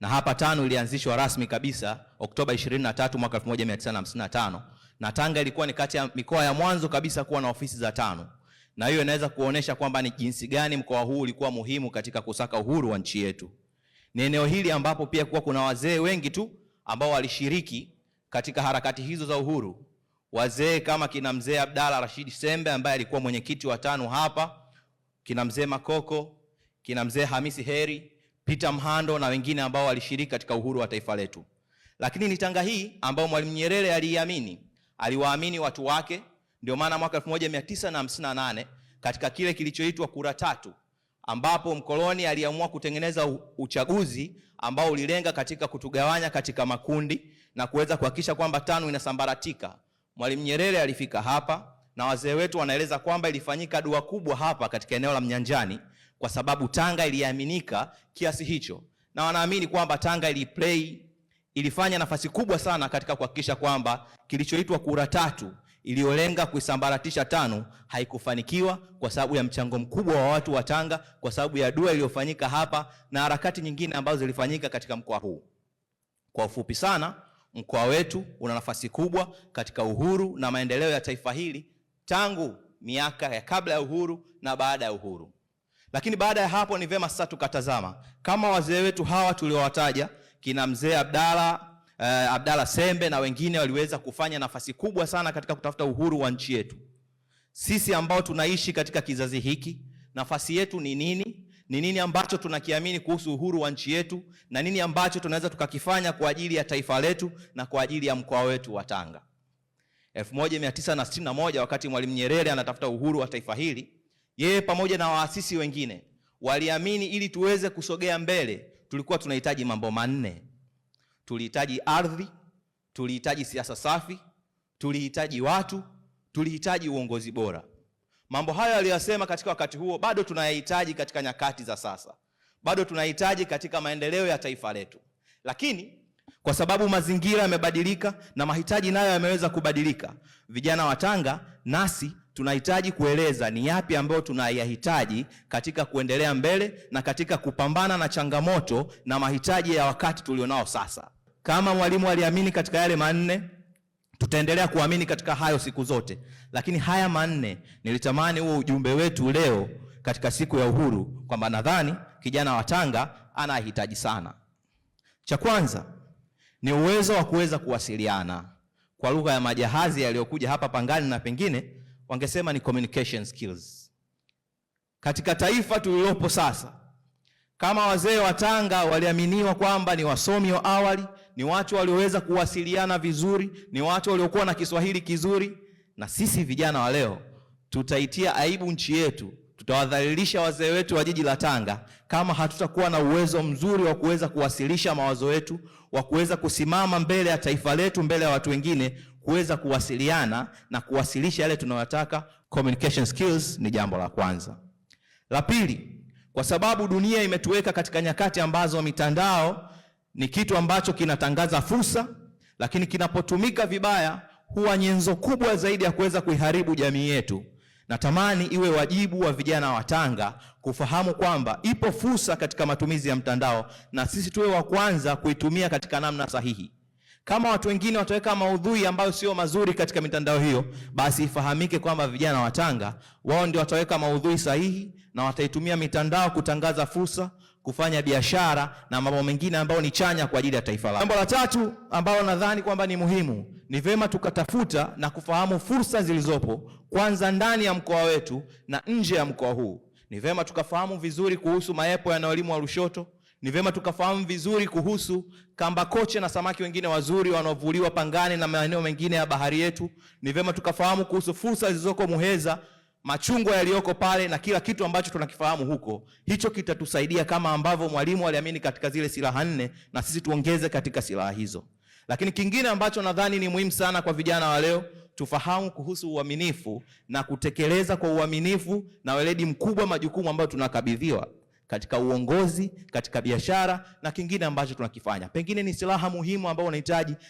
na hapa tano ilianzishwa rasmi kabisa Oktoba 23 mwaka 1955 na Tanga ilikuwa ni kati ya mikoa ya mwanzo kabisa kuwa na ofisi za tano, na hiyo inaweza kuonesha kwamba ni jinsi gani mkoa huu ulikuwa muhimu katika kusaka uhuru wa nchi yetu. Ni eneo hili ambapo pia kuwa kuna wazee wengi tu ambao walishiriki katika harakati hizo za uhuru, wazee kama kina mzee Abdalla Rashid Sembe ambaye alikuwa mwenyekiti wa tano hapa, kina mzee Makoko, kina mzee Hamisi Heri Peter Mhando na wengine ambao walishiriki katika uhuru wa taifa letu. Lakini ni Tanga hii ambayo Mwalimu Nyerere aliiamini, aliwaamini watu wake. Ndio maana mwaka 1958 katika kile kilichoitwa kura tatu, ambapo mkoloni aliamua kutengeneza uchaguzi ambao ulilenga katika kutugawanya katika makundi na kuweza kuhakikisha kwamba tano inasambaratika. Mwalimu Nyerere alifika hapa na wazee wetu wanaeleza kwamba ilifanyika dua kubwa hapa katika eneo la Mnyanjani kwa sababu Tanga iliaminika kiasi hicho, na wanaamini kwamba Tanga iliplay ilifanya nafasi kubwa sana katika kuhakikisha kwamba kilichoitwa kura tatu iliyolenga kuisambaratisha tano haikufanikiwa kwa sababu ya mchango mkubwa wa watu wa Tanga, kwa sababu ya dua iliyofanyika hapa na harakati nyingine ambazo zilifanyika katika mkoa huu. Kwa ufupi sana, mkoa wetu una nafasi kubwa katika uhuru na maendeleo ya taifa hili tangu miaka ya kabla ya uhuru na baada ya uhuru. Lakini baada ya hapo ni vema sasa tukatazama kama wazee wetu hawa tuliowataja kina mzee Abdalla eh, Abdalla Sembe na wengine waliweza kufanya nafasi kubwa sana katika kutafuta uhuru wa nchi yetu. Sisi ambao tunaishi katika kizazi hiki, nafasi yetu ni nini? Ni nini ambacho tunakiamini kuhusu uhuru wa nchi yetu na nini ambacho tunaweza tukakifanya kwa ajili ya taifa letu na kwa ajili ya mkoa wetu wa Tanga. 1961 wakati Mwalimu Nyerere anatafuta uhuru wa taifa hili yeye pamoja na waasisi wengine waliamini ili tuweze kusogea mbele, tulikuwa tunahitaji mambo manne. Tulihitaji ardhi, tulihitaji siasa safi, tulihitaji watu, tulihitaji uongozi bora. Mambo hayo aliyosema katika wakati huo bado tunayahitaji katika nyakati za sasa, bado tunahitaji katika maendeleo ya taifa letu, lakini kwa sababu mazingira yamebadilika na mahitaji nayo yameweza kubadilika, vijana wa Tanga nasi tunahitaji kueleza ni yapi ambayo tunayahitaji katika kuendelea mbele na katika kupambana na changamoto na mahitaji ya wakati tulionao sasa. Kama mwalimu aliamini katika yale manne, tutaendelea kuamini katika hayo siku zote, lakini haya manne nilitamani huo ujumbe wetu leo katika siku ya uhuru, kwamba nadhani kijana wa Tanga anahitaji sana. Cha kwanza ni uwezo wa kuweza kuwasiliana kwa lugha ya majahazi yaliyokuja hapa Pangani na pengine wangesema ni communication skills. Katika taifa tulilopo sasa, kama wazee wa Tanga waliaminiwa kwamba ni wasomi wa awali, ni watu walioweza kuwasiliana vizuri, ni watu waliokuwa na Kiswahili kizuri, na sisi vijana wa leo tutaitia aibu nchi yetu, tutawadhalilisha wazee wetu wa jiji la Tanga kama hatutakuwa na uwezo mzuri wa kuweza kuwasilisha mawazo yetu, wa kuweza kusimama mbele ya taifa letu, mbele ya watu wengine kuweza kuwasiliana na kuwasilisha yale tunayotaka, communication skills ni jambo la kwanza. La pili, kwa sababu dunia imetuweka katika nyakati ambazo mitandao ni kitu ambacho kinatangaza fursa, lakini kinapotumika vibaya huwa nyenzo kubwa zaidi ya kuweza kuiharibu jamii yetu. Natamani iwe wajibu wa vijana wa Tanga kufahamu kwamba ipo fursa katika matumizi ya mtandao, na sisi tuwe wa kwanza kuitumia katika namna sahihi. Kama watu wengine wataweka maudhui ambayo sio mazuri katika mitandao hiyo, basi ifahamike kwamba vijana wa Tanga wao ndio wataweka maudhui sahihi na wataitumia mitandao kutangaza fursa, kufanya biashara na mambo mengine ambayo ni chanya kwa ajili ya taifa lao. Jambo la tatu ambalo nadhani kwamba ni muhimu, ni vema tukatafuta na kufahamu fursa zilizopo kwanza ndani ya mkoa wetu na nje ya mkoa huu. Ni vema tukafahamu vizuri kuhusu maepo yanayolimwa Lushoto ni vema tukafahamu vizuri kuhusu kamba koche na samaki wengine wazuri wanaovuliwa Pangani na maeneo mengine ya bahari yetu. Ni vema tukafahamu kuhusu fursa zilizoko Muheza, machungwa yaliyoko pale na kila kitu ambacho tunakifahamu huko. Hicho kitatusaidia kama ambavyo mwalimu aliamini katika zile silaha nne, na sisi tuongeze katika silaha hizo. Lakini kingine ambacho nadhani ni muhimu sana kwa vijana wa leo tufahamu kuhusu uaminifu na kutekeleza kwa uaminifu na weledi mkubwa majukumu ambayo tunakabidhiwa katika uongozi, katika biashara na kingine ambacho tunakifanya. Pengine ni silaha muhimu ambayo unahitaji